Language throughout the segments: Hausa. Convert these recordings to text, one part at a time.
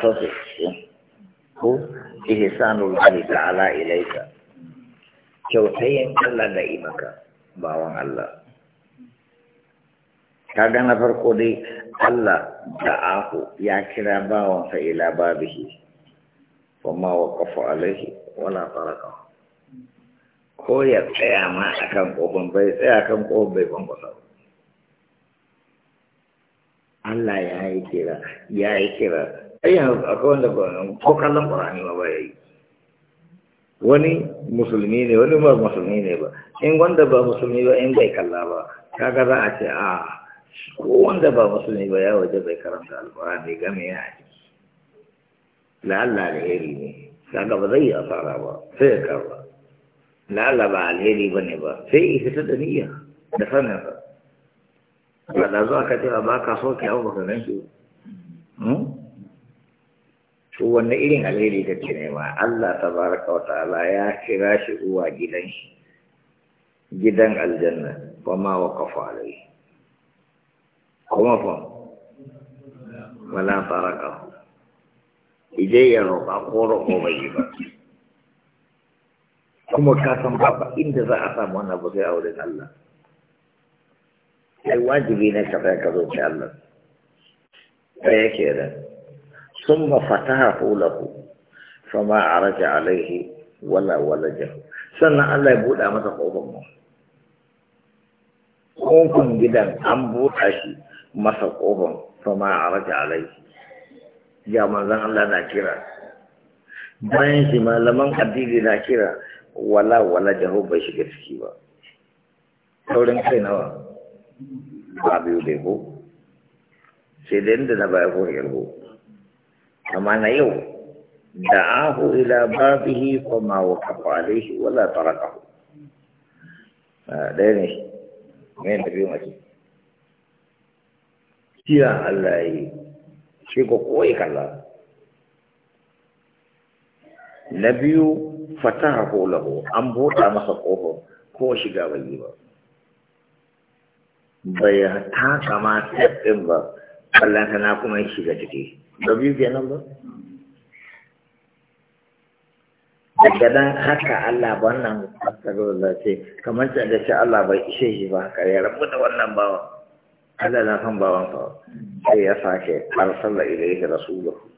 kaso ko ihsanul lahi ta'ala ilaika kyautayin Allah da imaka bawan Allah kaga na farko dai Allah da aku ya kira bawansa ila babihi wa waqafa alaihi wala taraka ko ya tsaya ma akan kofin bai tsaya kan kofin bai bambasa Allah ya yi kira ya yi kira ai akwai wanda ko kallon qur'ani ba ba ya yi wani musulmi ne wani ba musulmi ne ba in wanda ba musulmi ba in bai kalla ba kaga za a ce a ko wanda ba musulmi ba ya waje bai karanta ga game ya ce la'alla alheri ne kaga ba zai yi asara ba sai ya karba Allah ba alheri bane ba sai ya fita da niyya da sanin ba da zuwa ka ce ba ka so ki hau ba ka gan shi ba hmm? su wanne irin alheri ke nema Allah Ta baraka wa ta'ala ya kira shi zuwa gidan shi gidan aljanna wa ma waqafa alai kuma fa wala baraka idai ya roƙa ko roƙo bai yi ba kuma ka san ba inda za a samu wannan ba sai aure Allah sai wajibi ne ka ka zo ci Allah sai yake da ثم فتح له فما عرج عليه ولا ولجه سنة الله يقول أمسا قوضا kofin gidan an buɗa shi masa kofin fama a rage ya manzan Allah na kira bayan shi malaman addini na kira wala wala jaho bai shiga ciki ba saurin kai nawa ba biyu da ko sai da inda na baya ko yarbo amma yau da'ahu ila babihi fa ma waqafa alayhi wala tarakahu ah, ɗaya ne mai biyu mace siya Allah yi shi ko koyi kalla na biyu fataha ko lahu an bota masa ƙofo ko shiga bayi yi ba bai taka ma ɗin ba ballanta na kuma yi shiga ciki da biyu nan ba daga nan haka Allah wannan tsaro da ce kamar ta da shi Allah bai ishe shi ba kare. ya rabu da wannan bawa Allah na san bawan fa sai ya sake arsala ilayhi rasuluhu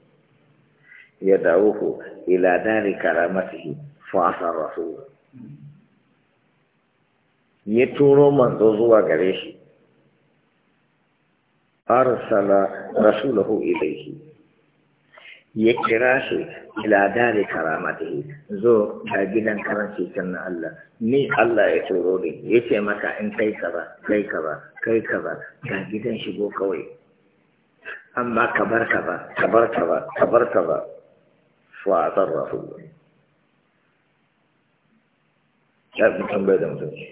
ya dawo ku. ila dari karamatihi fa asar rasul ya turo manzo zuwa gare shi أرسل رسوله إليه يكراش إلى دار كرامته زو كاجدا كرامتي كان الله ني الله يتوروني يتي مكا إن كي كبا كي كبا كي كبا كاجدا شبو كوي أما كبر كبا كبر كبا كبر كذا فأضره الله شاب مكان بيدا إيسا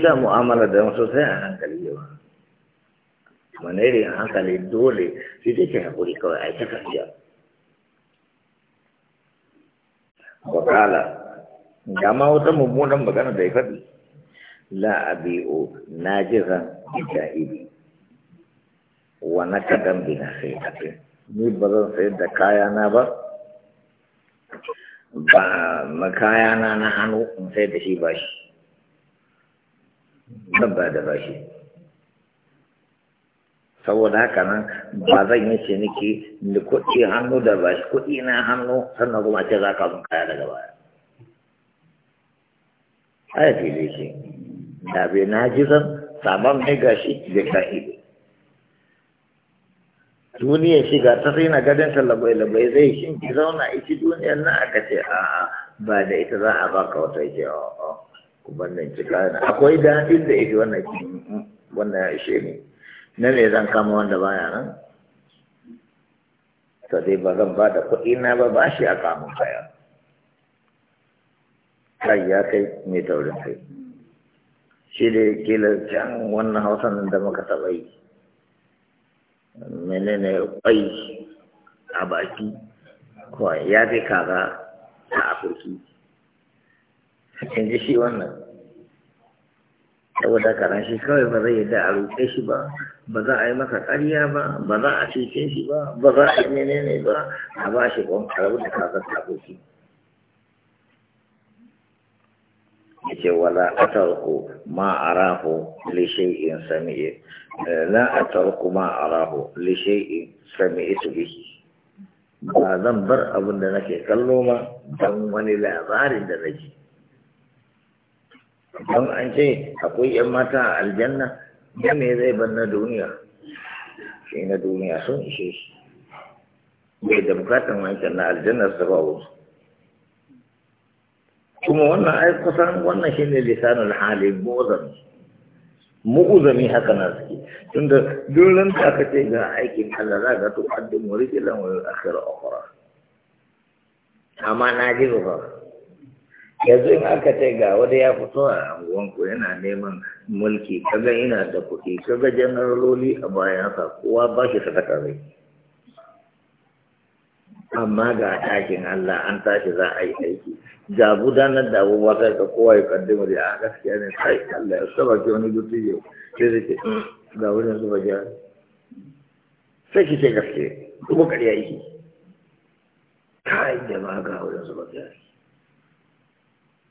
يسا معاملة دا هي أنا كليوان manere a hankali dole shi dai ke haƙuri kawai a yi ta tafiya wakala ga ma wata mummunan magana da ya faɗi la abi'u na jiran jahibi wa na kadan bi na sai kafin ni ba zan sayar da kayana ba ba makayana na hannu in sai da shi ba shi zan ba da ba shi saboda haka nan ba zan yi ciniki da kuɗi hannu da ba shi kuɗi na hannu sannan kuma ce za ka zun kaya daga baya haya fili shi da bai na ji zan sabon mai gashi zai kan ido duniya shiga ta sai na gadon talabai labai zai shi ki zauna ici duniyar na aka ce a'a ba da ita za a ka wata ce a ku ban nan cika akwai daɗin da ita wannan wannan ya ne na me zan kama wanda baya nan ta dai ba zan ba da kuɗi na ba ba shi a kamun kaya kai ya kai mai taurin kai shi da kila can wannan hausan da muka taɓa yi menene kwai a baki kawai ya fi kaza a afirki in ji shi wannan saboda karan shi kawai ba zai yadda a roƙe shi ba ba za a yi maka ƙarya ba ba za a cece shi ba ba za a yi menene ba a ba shi kwan karabu da kasar aboki yace wala atarku ma in sami e na a atarku ma arahu li shay'in sami'tu bihi ba zan bar abin da nake kallo ma don wani labarin da nake don an ce akwai 'yan mata a aljanna ya me zai bar na duniya shi na duniya sun ishe shi bai da bukatan wancan na aljanna su ba wasu kuma wannan ai kusan wannan shi ne lisanul hali bozan mu'uzami haka na suke tunda dole ta ka ce ga aikin Allah za ka to addin wuri kilan wani akhira ukhra amma na ji ba yanzu in aka ce ga wani ya fito a anguwanku yana neman mulki kaga ina da kuɗi kaga janarololi a bayansa kowa ba shi sadaka zai amma ga ɗakin Allah an tashi za a yi aiki ga gudanar da abubuwa sai ka kowa ya mu da gaskiya ne sai Allah ya saba ki wani dutu yau sai zai ce hmm, ga yanzu zuba jihar. sai ki ce gaske kuma kariya yake kai jama'a ga yanzu zuba gyara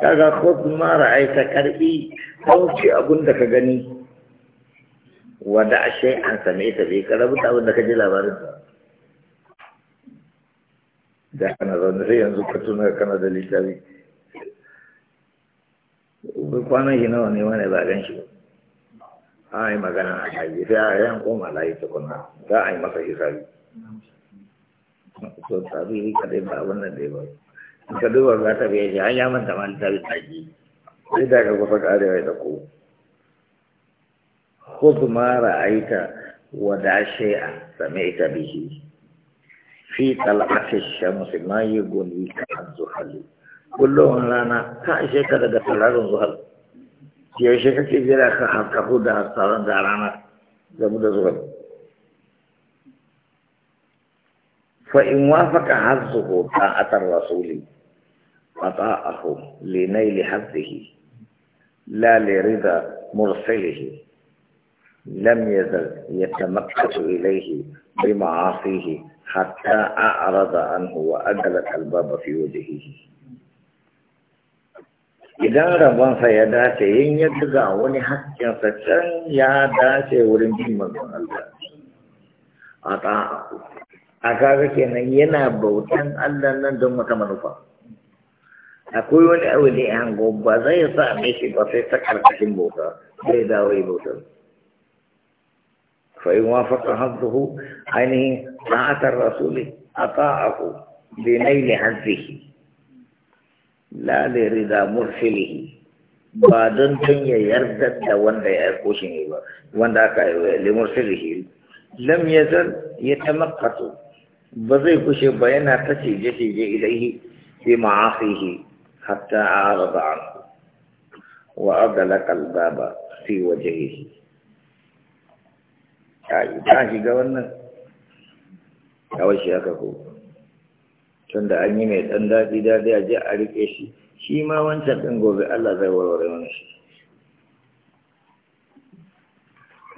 kaga khud ma ra'aita karbi dauki abun da ka gani wanda ashe an same ta bai karabu da abun da ka ji labarin ta da kana zaune ne yanzu ka tuna kana da littafi kwanan shi nawa ne wani ba gan shi ba a magana a kai sai a yan koma layi kuma za a yi masa hisabi to tabi kada ba wannan nan da ya ba ka duba za ta biya shi an ya manta ma littafi tsaki sai da ka kusa karewa da ku khudh ma ra'aita wa da shay'a sami'ta bihi fi tal'ati shamsi ma yughni ka an zuhali kullum rana ka ishe ka daga sararin zuhal yaushe kake jira ka harkahu da sauran da rana game da zuhal fa in wafaka hazzuhu ta'atar rasuli عطاءه لنيل حظه لا لرضا مرسله لم يزل يتمكس إليه بمعاصيه حتى أعرض عنه وأدلت الباب في وجهه idan rabonsa ya dace yin ya buga wani hakkinsa can ya dace wurin bin manzon Allah a ta'a a kaga kenan yana bautan Allah nan don wata manufa akwai wani abu da ya hango ba zai sa shi ba sai ta karkashin bauta zai dawo yi bautar fa in wafaka hazzuhu ainihin ta'atar rasuli ata'ahu bi naili hazzihi la li rida mursilihi ba don tun ya yarda da wanda ya aiko shi ne ba wanda aka yi li mursilihi lam yazal yatamaqqatu ba zai kushe ba yana ta cije cije ilaihi bi ma'asihi hatta arada anhu wa adala kalbaba fi wajhihi ai ta ga wannan Ya shi aka ko Tunda an yi mai dan dadi dadi a je a rike shi shi ma wancan din gobe Allah zai warware wannan shi